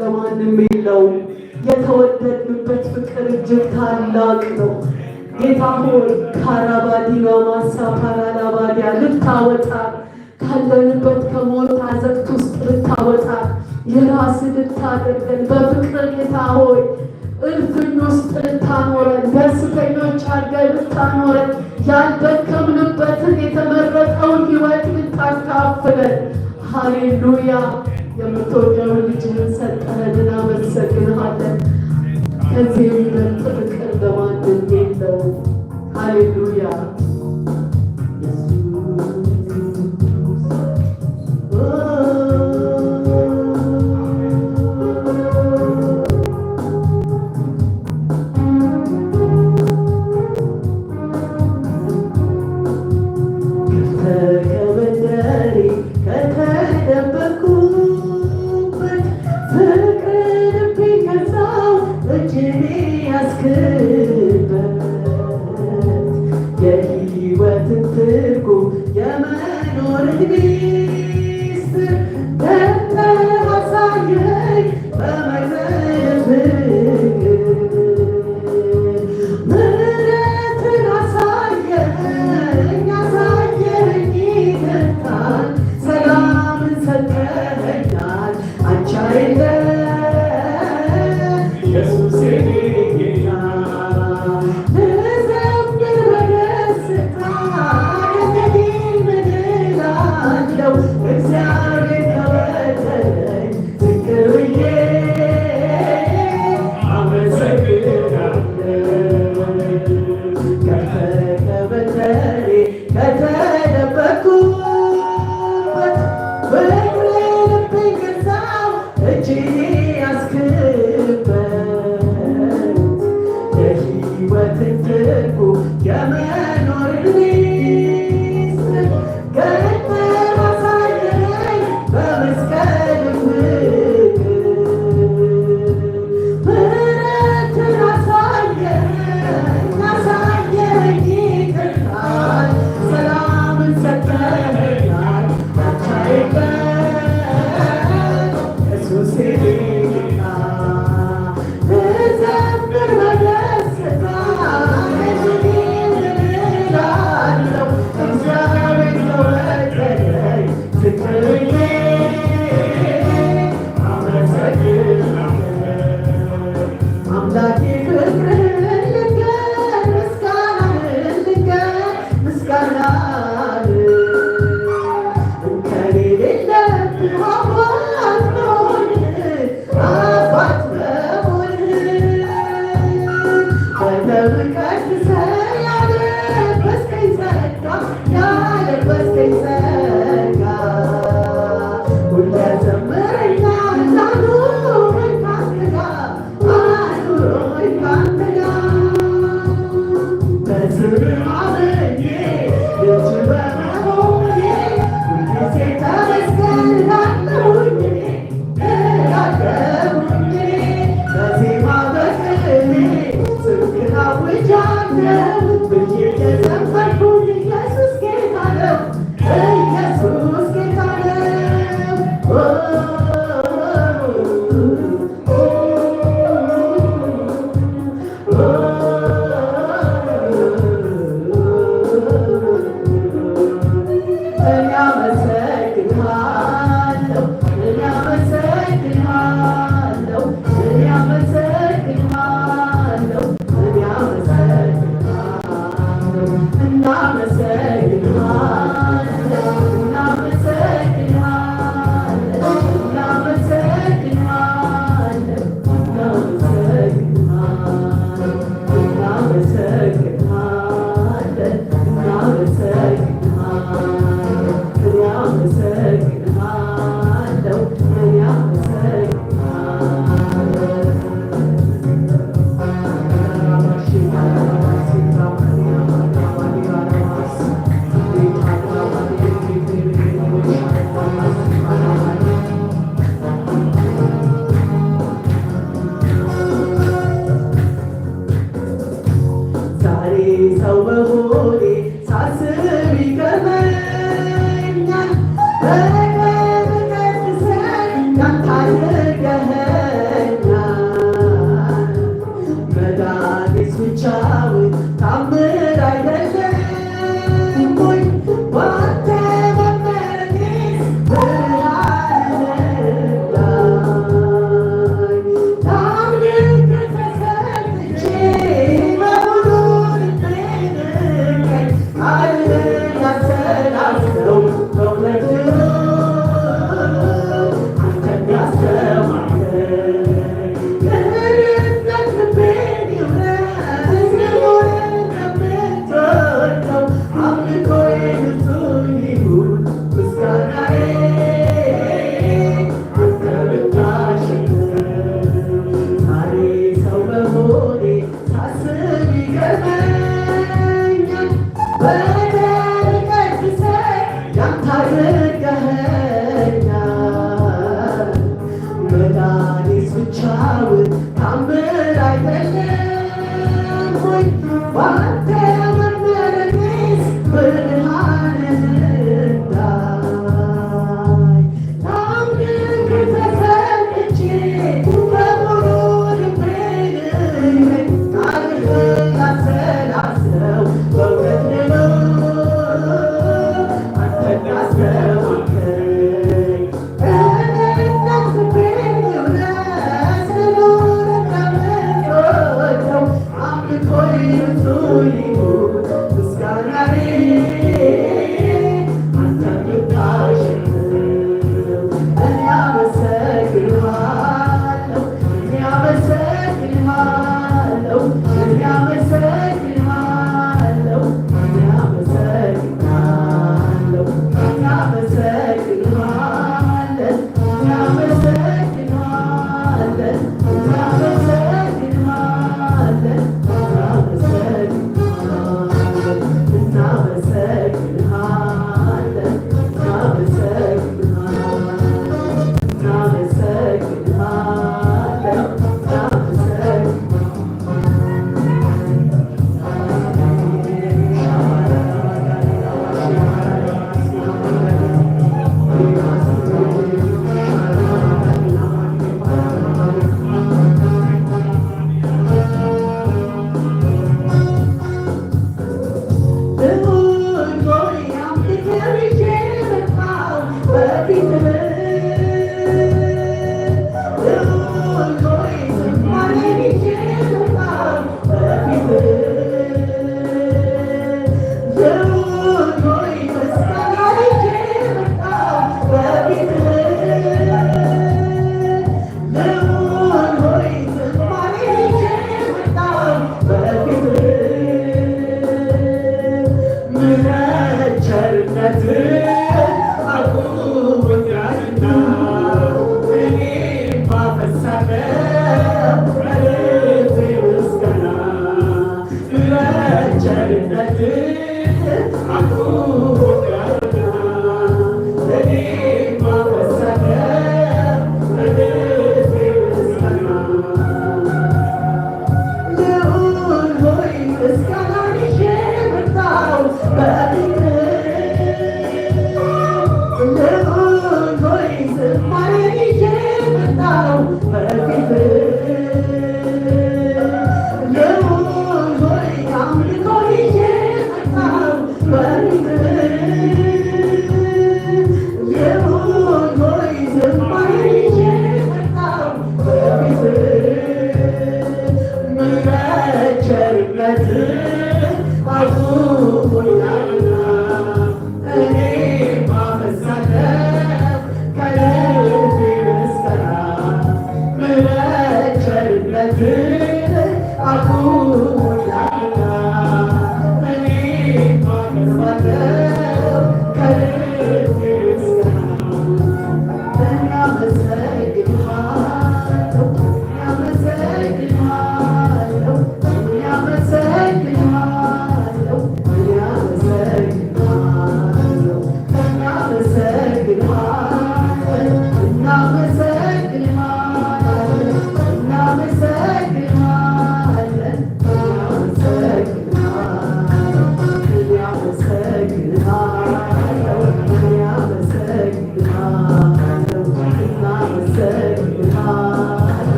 ለማንም የለው የተወደድንበት ፍቅር እጅግ ታላቅ ነው። ጌታ ሆይ ካራባዲና ማሳ ካራላባዲያ ልታወጣ ካለንበት ከሞት አዘቅት ውስጥ ልታወጣ የራስ ልታደርገን በፍቅር ጌታ ሆይ እልፍኝ ውስጥ ልታኖረን ደስተኞች አድርገን ልታኖረን ያልደከምንበትን የተመረጠውን ሕይወት ልታካፍለን ሃሌሉያ የምትወደው ልጅህን ሰጠህን፣ እናመሰግንሃለን። ከዚህ የሚበልጥ ፍቅር በማንም የለውም። ሃሌሉያ It's dark now, but you just ሰላም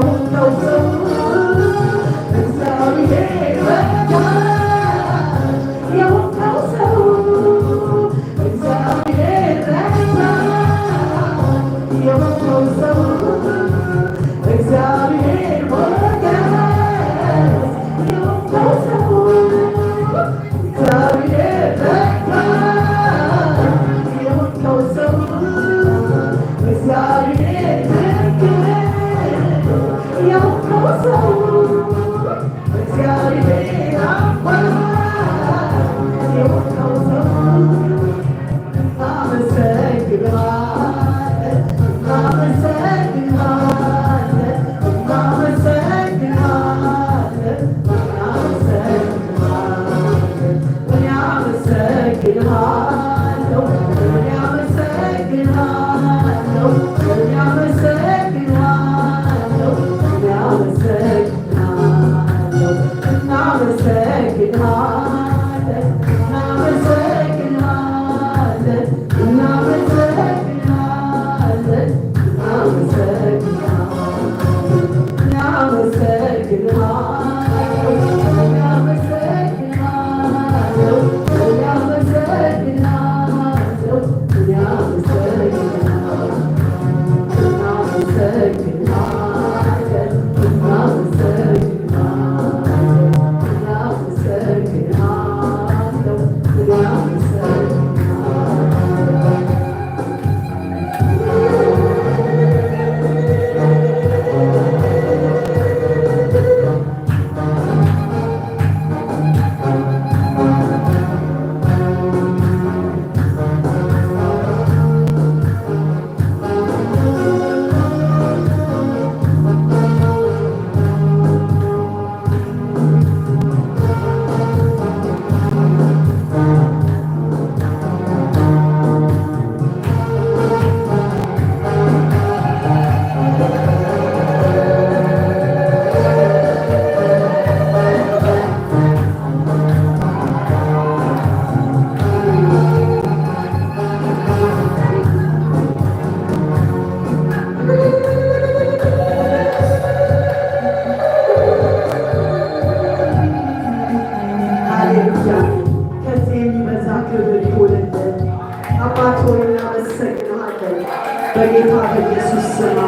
don't know so Ele fala que Jesus Senhor.